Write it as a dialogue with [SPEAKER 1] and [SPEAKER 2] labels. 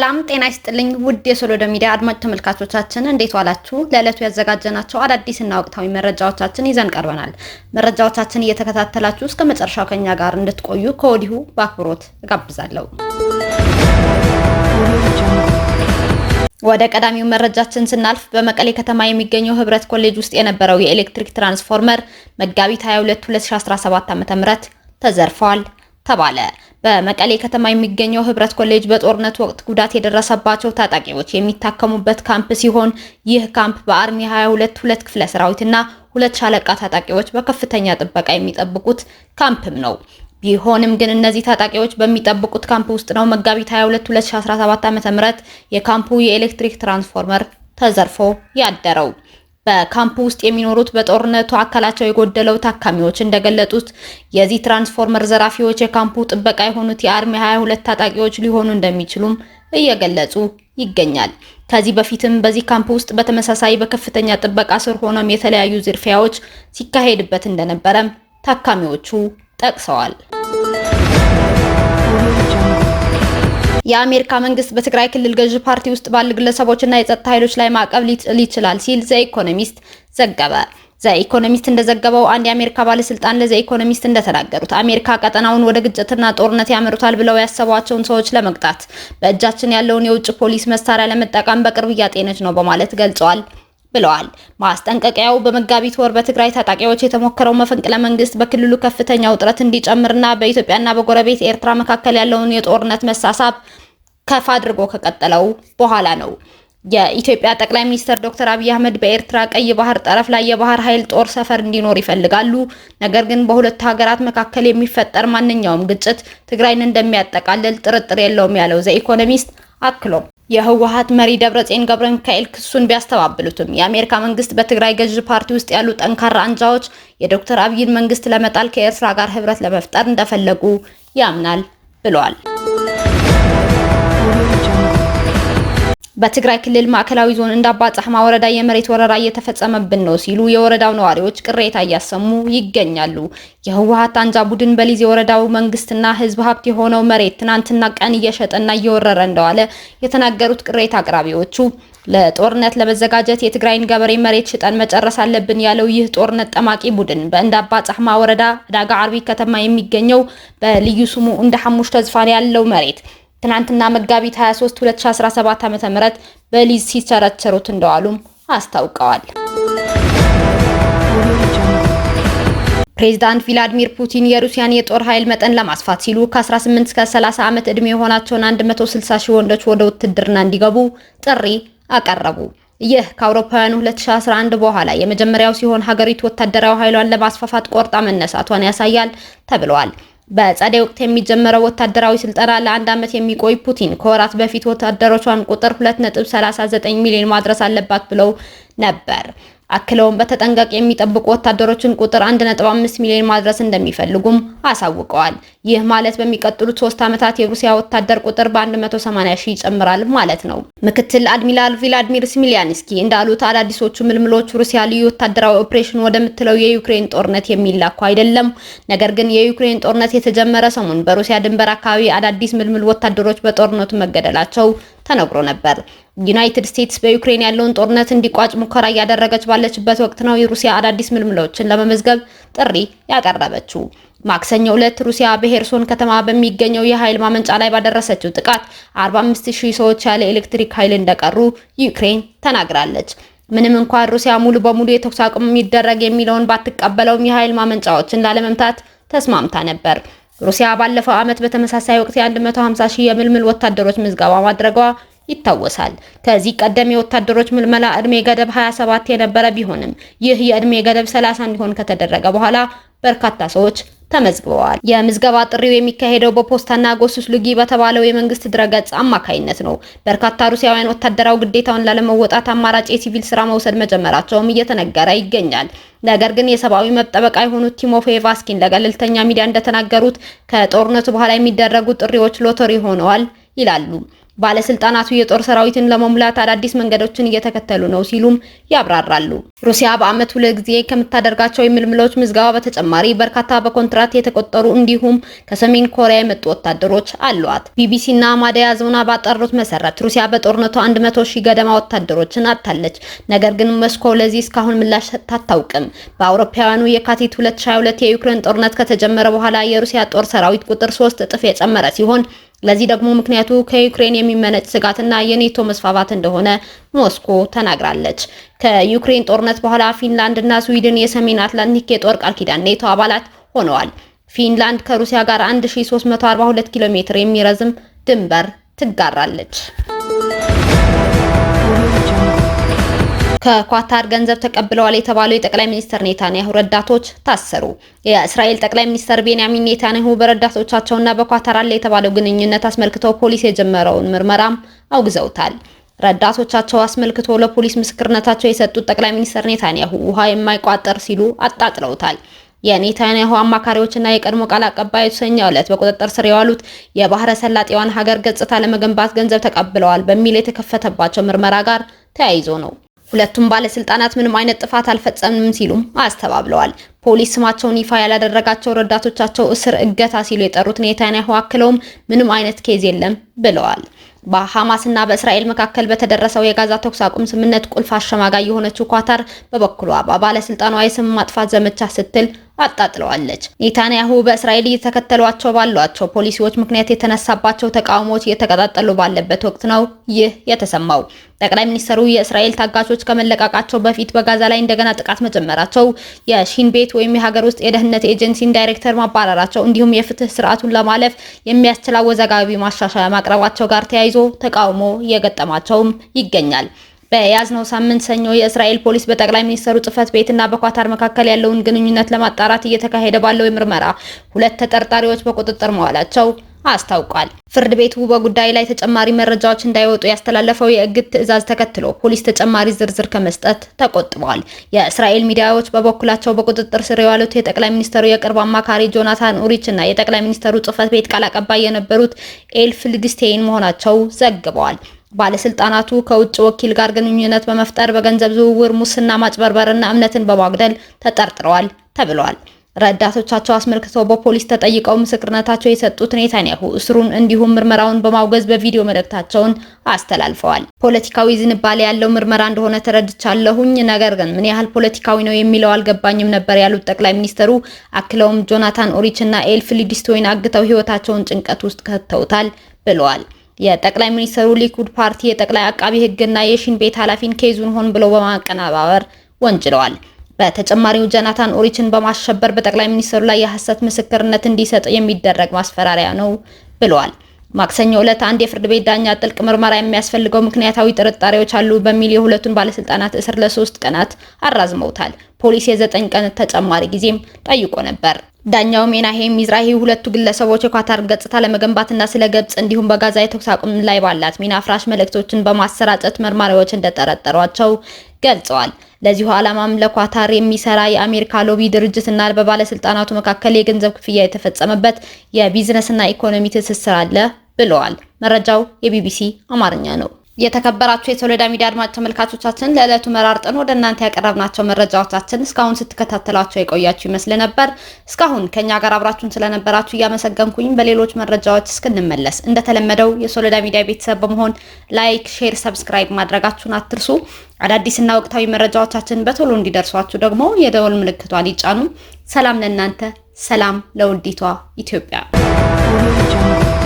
[SPEAKER 1] ሰላም ጤና ይስጥልኝ ውድ የሶሎዶ ሚዲያ አድማጭ ተመልካቾቻችን እንዴት ዋላችሁ? ለዕለቱ ያዘጋጀናቸው አዳዲስና ወቅታዊ መረጃዎቻችን ይዘን ቀርበናል። መረጃዎቻችን እየተከታተላችሁ እስከ መጨረሻው ከኛ ጋር እንድትቆዩ ከወዲሁ በአክብሮት እጋብዛለሁ። ወደ ቀዳሚው መረጃችን ስናልፍ በመቀሌ ከተማ የሚገኘው ህብረት ኮሌጅ ውስጥ የነበረው የኤሌክትሪክ ትራንስፎርመር መጋቢት 22 2017 ዓ.ም ተዘርፈዋል ተባለ። በመቀሌ ከተማ የሚገኘው ህብረት ኮሌጅ በጦርነት ወቅት ጉዳት የደረሰባቸው ታጣቂዎች የሚታከሙበት ካምፕ ሲሆን ይህ ካምፕ በአርሚ 22 ሁለት ክፍለ ሰራዊትና ሁለት ሻለቃ ታጣቂዎች በከፍተኛ ጥበቃ የሚጠብቁት ካምፕም ነው። ቢሆንም ግን እነዚህ ታጣቂዎች በሚጠብቁት ካምፕ ውስጥ ነው መጋቢት 22 2017 ዓ.ም የካምፑ የኤሌክትሪክ ትራንስፎርመር ተዘርፎ ያደረው። በካምፕ ውስጥ የሚኖሩት በጦርነቱ አካላቸው የጎደለው ታካሚዎች እንደገለጡት የዚህ ትራንስፎርመር ዘራፊዎች የካምፑ ጥበቃ የሆኑት የአርሚ 22 ታጣቂዎች ሊሆኑ እንደሚችሉም እየገለጹ ይገኛል። ከዚህ በፊትም በዚህ ካምፕ ውስጥ በተመሳሳይ በከፍተኛ ጥበቃ ስር ሆኖም የተለያዩ ዝርፊያዎች ሲካሄድበት እንደነበረም ታካሚዎቹ ጠቅሰዋል። የአሜሪካ መንግስት በትግራይ ክልል ገዢ ፓርቲ ውስጥ ባሉ ግለሰቦችና የጸጥታ ኃይሎች ላይ ማዕቀብ ሊጥል ይችላል ሲል ኢኮኖሚስት ዘገበ። ኢኮኖሚስት እንደዘገበው አንድ የአሜሪካ ባለስልጣን ኢኮኖሚስት እንደተናገሩት አሜሪካ ቀጠናውን ወደ ግጭትና ጦርነት ያመሩታል ብለው ያሰቧቸውን ሰዎች ለመቅጣት በእጃችን ያለውን የውጭ ፖሊስ መሳሪያ ለመጠቀም በቅርብ እያጤነች ነው በማለት ገልጸዋል ብለዋል። ማስጠንቀቂያው በመጋቢት ወር በትግራይ ታጣቂዎች የተሞከረው መፈንቅለ መንግስት በክልሉ ከፍተኛ ውጥረት እንዲጨምርና በኢትዮጵያና በጎረቤት ኤርትራ መካከል ያለውን የጦርነት መሳሳብ ከፍ አድርጎ ከቀጠለው በኋላ ነው። የኢትዮጵያ ጠቅላይ ሚኒስትር ዶክተር አብይ አህመድ በኤርትራ ቀይ ባህር ጠረፍ ላይ የባህር ኃይል ጦር ሰፈር እንዲኖር ይፈልጋሉ። ነገር ግን በሁለቱ ሀገራት መካከል የሚፈጠር ማንኛውም ግጭት ትግራይን እንደሚያጠቃልል ጥርጥር የለውም ያለው ኢኮኖሚስት አክሎ የህወሀት መሪ ደብረጽዮን ገብረ ሚካኤል ክሱን ቢያስተባብሉትም የአሜሪካ መንግስት በትግራይ ገዥ ፓርቲ ውስጥ ያሉ ጠንካራ አንጃዎች የዶክተር አብይን መንግስት ለመጣል ከኤርትራ ጋር ህብረት ለመፍጠር እንደፈለጉ ያምናል ብለዋል። በትግራይ ክልል ማዕከላዊ ዞን እንዳባጻህማ ወረዳ የመሬት ወረራ እየተፈጸመብን ነው ሲሉ የወረዳው ነዋሪዎች ቅሬታ እያሰሙ ይገኛሉ። የህወሓት አንጃ ቡድን በሊዝ የወረዳው መንግስትና ህዝብ ሀብት የሆነው መሬት ትናንትና ቀን እየሸጠና እየወረረ እንደዋለ የተናገሩት ቅሬታ አቅራቢዎቹ ለጦርነት ለመዘጋጀት የትግራይን ገበሬ መሬት ሽጠን መጨረስ አለብን ያለው ይህ ጦርነት ጠማቂ ቡድን በእንዳባጻሕማ ወረዳ ዳጋ አርቢ ከተማ የሚገኘው በልዩ ስሙ እንደ ሐሙሽ ተዝፋን ያለው መሬት ትናንትና መጋቢት 23 2017 ዓ.ም በሊዝ ሲቸረቸሩት እንደዋሉም አስታውቀዋል። ፕሬዚዳንት ቪላዲሚር ፑቲን የሩሲያን የጦር ኃይል መጠን ለማስፋት ሲሉ ከ18 እስከ 30 ዓመት ዕድሜ የሆናቸውን 160 ሺህ ወንዶች ወደ ውትድርና እንዲገቡ ጥሪ አቀረቡ። ይህ ከአውሮፓውያኑ 2011 በኋላ የመጀመሪያው ሲሆን ሀገሪቱ ወታደራዊ ኃይሏን ለማስፋፋት ቆርጣ መነሳቷን ያሳያል ተብለዋል። በጸደይ ወቅት የሚጀመረው ወታደራዊ ስልጠና ለአንድ ዓመት የሚቆይ ፑቲን ከወራት በፊት ወታደሮቿን ቁጥር 2.39 ሚሊዮን ማድረስ አለባት ብለው ነበር። አክለውም በተጠንቀቅ የሚጠብቁ ወታደሮችን ቁጥር 1.5 ሚሊዮን ማድረስ እንደሚፈልጉም አሳውቀዋል። ይህ ማለት በሚቀጥሉት ሶስት ዓመታት የሩሲያ ወታደር ቁጥር በ180 ሺህ ይጨምራል ማለት ነው። ምክትል አድሚራል ቪላዲሚር ስሚሊያንስኪ እንዳሉት አዳዲሶቹ ምልምሎች ሩሲያ ልዩ ወታደራዊ ኦፕሬሽን ወደምትለው የዩክሬን ጦርነት የሚላኩ አይደለም። ነገር ግን የዩክሬን ጦርነት የተጀመረ ሰሞን በሩሲያ ድንበር አካባቢ አዳዲስ ምልምል ወታደሮች በጦርነቱ መገደላቸው ተነግሮ ነበር። ዩናይትድ ስቴትስ በዩክሬን ያለውን ጦርነት እንዲቋጭ ሙከራ እያደረገች ባለችበት ወቅት ነው የሩሲያ አዳዲስ ምልምሎችን ለመመዝገብ ጥሪ ያቀረበችው። ማክሰኞ ዕለት ሩሲያ በሄርሶን ከተማ በሚገኘው የኃይል ማመንጫ ላይ ባደረሰችው ጥቃት 45000 ሰዎች ያለ ኤሌክትሪክ ኃይል እንደቀሩ ዩክሬን ተናግራለች። ምንም እንኳን ሩሲያ ሙሉ በሙሉ የተኩስ አቁም የሚደረግ የሚለውን ባትቀበለውም የኃይል ማመንጫዎችን ላለመምታት ተስማምታ ነበር። ሩሲያ ባለፈው ዓመት በተመሳሳይ ወቅት የ150 ሺህ የምልምል ወታደሮች ምዝገባ ማድረጓ ይታወሳል። ከዚህ ቀደም የወታደሮች ምልመላ እድሜ ገደብ 27 የነበረ ቢሆንም ይህ የእድሜ ገደብ 30 እንዲሆን ከተደረገ በኋላ በርካታ ሰዎች ተመዝግበዋል። የምዝገባ ጥሪው የሚካሄደው በፖስታና ጎሱስ ሉጊ በተባለው የመንግስት ድረገጽ አማካይነት ነው። በርካታ ሩሲያውያን ወታደራዊ ግዴታውን ላለመወጣት አማራጭ የሲቪል ስራ መውሰድ መጀመራቸውም እየተነገረ ይገኛል። ነገር ግን የሰብአዊ መብት ጠበቃ የሆኑት ቲሞፌ ቫስኪን ለገለልተኛ ሚዲያ እንደተናገሩት ከጦርነቱ በኋላ የሚደረጉ ጥሪዎች ሎተሪ ሆነዋል ይላሉ። ባለስልጣናቱ የጦር ሰራዊትን ለመሙላት አዳዲስ መንገዶችን እየተከተሉ ነው ሲሉም ያብራራሉ። ሩሲያ በዓመት ሁለት ጊዜ ከምታደርጋቸው የምልምሎች ምዝገባ በተጨማሪ በርካታ በኮንትራት የተቆጠሩ እንዲሁም ከሰሜን ኮሪያ የመጡ ወታደሮች አሏት። ቢቢሲና ማዳያ ዞና ባጠሩት መሰረት ሩሲያ በጦርነቱ 100 ሺህ ገደማ ወታደሮችን አጥታለች። ነገር ግን ሞስኮ ለዚህ እስካሁን ምላሽ አታውቅም። በአውሮፓውያኑ የካቲት 2022 የዩክሬን ጦርነት ከተጀመረ በኋላ የሩሲያ ጦር ሰራዊት ቁጥር ሶስት እጥፍ የጨመረ ሲሆን ለዚህ ደግሞ ምክንያቱ ከዩክሬን የሚመነጭ ስጋትና የኔቶ መስፋፋት እንደሆነ ሞስኮ ተናግራለች። ከዩክሬን ጦርነት በኋላ ፊንላንድ እና ስዊድን የሰሜን አትላንቲክ የጦር ቃል ኪዳን ኔቶ አባላት ሆነዋል። ፊንላንድ ከሩሲያ ጋር 1342 ኪሎ ሜትር የሚረዝም ድንበር ትጋራለች። ከኳታር ገንዘብ ተቀብለዋል የተባለው የጠቅላይ ሚኒስትር ኔታንያሁ ረዳቶች ታሰሩ። የእስራኤል ጠቅላይ ሚኒስትር ቤንያሚን ኔታንያሁ በረዳቶቻቸውና በኳታር አለ የተባለው ግንኙነት አስመልክተው ፖሊስ የጀመረውን ምርመራም አውግዘውታል። ረዳቶቻቸው አስመልክቶ ለፖሊስ ምስክርነታቸው የሰጡት ጠቅላይ ሚኒስትር ኔታንያሁ ውሃ የማይቋጠር ሲሉ አጣጥለውታል። የኔታንያሁ አማካሪዎችና የቀድሞ ቃል አቀባዮች ሰኞ ዕለት በቁጥጥር ስር የዋሉት የባህረ ሰላጤዋን ሀገር ገጽታ ለመገንባት ገንዘብ ተቀብለዋል በሚል የተከፈተባቸው ምርመራ ጋር ተያይዞ ነው። ሁለቱም ባለስልጣናት ምንም አይነት ጥፋት አልፈጸምንም ሲሉም አስተባብለዋል። ፖሊስ ስማቸውን ይፋ ያላደረጋቸው ረዳቶቻቸው እስር፣ እገታ ሲሉ የጠሩት ኔታንያሁ አክለውም ምንም አይነት ኬዝ የለም ብለዋል። በሐማስና በእስራኤል መካከል በተደረሰው የጋዛ ተኩስ አቁም ስምምነት ቁልፍ አሸማጋይ የሆነችው ኳታር በበኩሏ በባለስልጣኗ የስም ማጥፋት ዘመቻ ስትል አጣጥለዋለች። ኔታንያሁ በእስራኤል እየተከተሏቸው ባሏቸው ፖሊሲዎች ምክንያት የተነሳባቸው ተቃውሞዎች እየተቀጣጠሉ ባለበት ወቅት ነው ይህ የተሰማው። ጠቅላይ ሚኒስትሩ የእስራኤል ታጋቾች ከመለቃቃቸው በፊት በጋዛ ላይ እንደገና ጥቃት መጀመራቸው፣ የሺን ቤት ወይም የሀገር ውስጥ የደህንነት ኤጀንሲን ዳይሬክተር ማባረራቸው፣ እንዲሁም የፍትህ ስርዓቱን ለማለፍ የሚያስችል አወዛጋቢ ማሻሻያ ማቅረባቸው ጋር ተያይዞ ተቃውሞ እየገጠማቸውም ይገኛል። በያዝነው ሳምንት ሰኞ የእስራኤል ፖሊስ በጠቅላይ ሚኒስትሩ ጽህፈት ቤትና በኳታር መካከል ያለውን ግንኙነት ለማጣራት እየተካሄደ ባለው የምርመራ ሁለት ተጠርጣሪዎች በቁጥጥር መዋላቸው አስታውቋል። ፍርድ ቤቱ በጉዳይ ላይ ተጨማሪ መረጃዎች እንዳይወጡ ያስተላለፈው የእግድ ትዕዛዝ ተከትሎ ፖሊስ ተጨማሪ ዝርዝር ከመስጠት ተቆጥቧል። የእስራኤል ሚዲያዎች በበኩላቸው በቁጥጥር ስር የዋሉት የጠቅላይ ሚኒስተሩ የቅርብ አማካሪ ጆናታን ኡሪች እና የጠቅላይ ሚኒስተሩ ጽህፈት ቤት ቃል አቀባይ የነበሩት ኤልፍ መሆናቸው ዘግበዋል። ባለስልጣናቱ ከውጭ ወኪል ጋር ግንኙነት በመፍጠር በገንዘብ ዝውውር፣ ሙስና፣ ማጭበርበርና እምነትን በማጉደል ተጠርጥረዋል ተብሏል። ረዳቶቻቸው አስመልክተው በፖሊስ ተጠይቀው ምስክርነታቸው የሰጡት ኔታንያሁ እስሩን እንዲሁም ምርመራውን በማውገዝ በቪዲዮ መልእክታቸውን አስተላልፈዋል። ፖለቲካዊ ዝንባሌ ያለው ምርመራ እንደሆነ ተረድቻለሁኝ፣ ነገር ግን ምን ያህል ፖለቲካዊ ነው የሚለው አልገባኝም ነበር ያሉት ጠቅላይ ሚኒስትሩ አክለውም ጆናታን ኦሪች እና ኤልፍ ሊዲስቶይን አግተው ህይወታቸውን ጭንቀት ውስጥ ከተውታል ብለዋል። የጠቅላይ ሚኒስትሩ ሊኩድ ፓርቲ የጠቅላይ አቃቢ ህግና የሺን ቤት ኃላፊን ኬዙን ሆን ብሎ በማቀነባበር ወንጅለዋል። በተጨማሪው ጀናታን ኦሪችን በማሸበር በጠቅላይ ሚኒስትሩ ላይ የሐሰት ምስክርነት እንዲሰጥ የሚደረግ ማስፈራሪያ ነው ብለዋል። ማክሰኞ ዕለት አንድ የፍርድ ቤት ዳኛ ጥልቅ ምርመራ የሚያስፈልገው ምክንያታዊ ጥርጣሬዎች አሉ በሚል የሁለቱን ባለስልጣናት እስር ለሶስት ቀናት አራዝመውታል። ፖሊስ የዘጠኝ ቀን ተጨማሪ ጊዜም ጠይቆ ነበር። ዳኛው ሜናሄም ሚዝራሂ ሁለቱ ግለሰቦች የኳታር ገጽታ ለመገንባትና ስለ ግብጽ እንዲሁም በጋዛ የተኩስ አቁም ላይ ባላት ሚና አፍራሽ መልእክቶችን በማሰራጨት መርማሪዎች እንደጠረጠሯቸው ገልጸዋል። ለዚሁ ዓላማም ለኳታር የሚሰራ የአሜሪካ ሎቢ ድርጅትና በባለስልጣናቱ መካከል የገንዘብ ክፍያ የተፈጸመበት የቢዝነስና ኢኮኖሚ ትስስር አለ ብለዋል። መረጃው የቢቢሲ አማርኛ ነው። የተከበራችሁ የሶሎዳ ሚዲያ አድማጭ ተመልካቾቻችን ለዕለቱ መራርጠን ወደ እናንተ ያቀረብናቸው መረጃዎቻችን እስካሁን ስትከታተላቸው የቆያችሁ ይመስል ነበር። እስካሁን ከኛ ጋር አብራችሁን ስለነበራችሁ እያመሰገንኩኝ በሌሎች መረጃዎች እስክንመለስ እንደተለመደው የሶሎዳ ሚዲያ ቤተሰብ በመሆን ላይክ፣ ሼር፣ ሰብስክራይብ ማድረጋችሁን አትርሱ። አዳዲስና ወቅታዊ መረጃዎቻችን በቶሎ እንዲደርሷችሁ ደግሞ የደወል ምልክቷን ይጫኑ። ሰላም ለእናንተ፣ ሰላም ለውዲቷ ኢትዮጵያ።